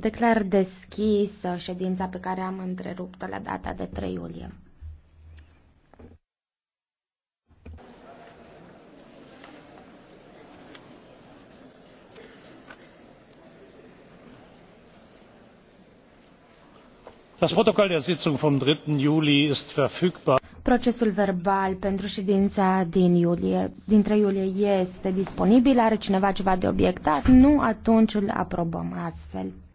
Declar deschisă ședința pe care am întrerupt-o la data de 3 iulie. Das Protokoll der Sitzung vom 3. Juli ist verfügbar. Procesul verbal pentru ședința din iulie, din 3 iulie este disponibil. Are cineva ceva de obiectat? Nu, atunci îl aprobăm astfel.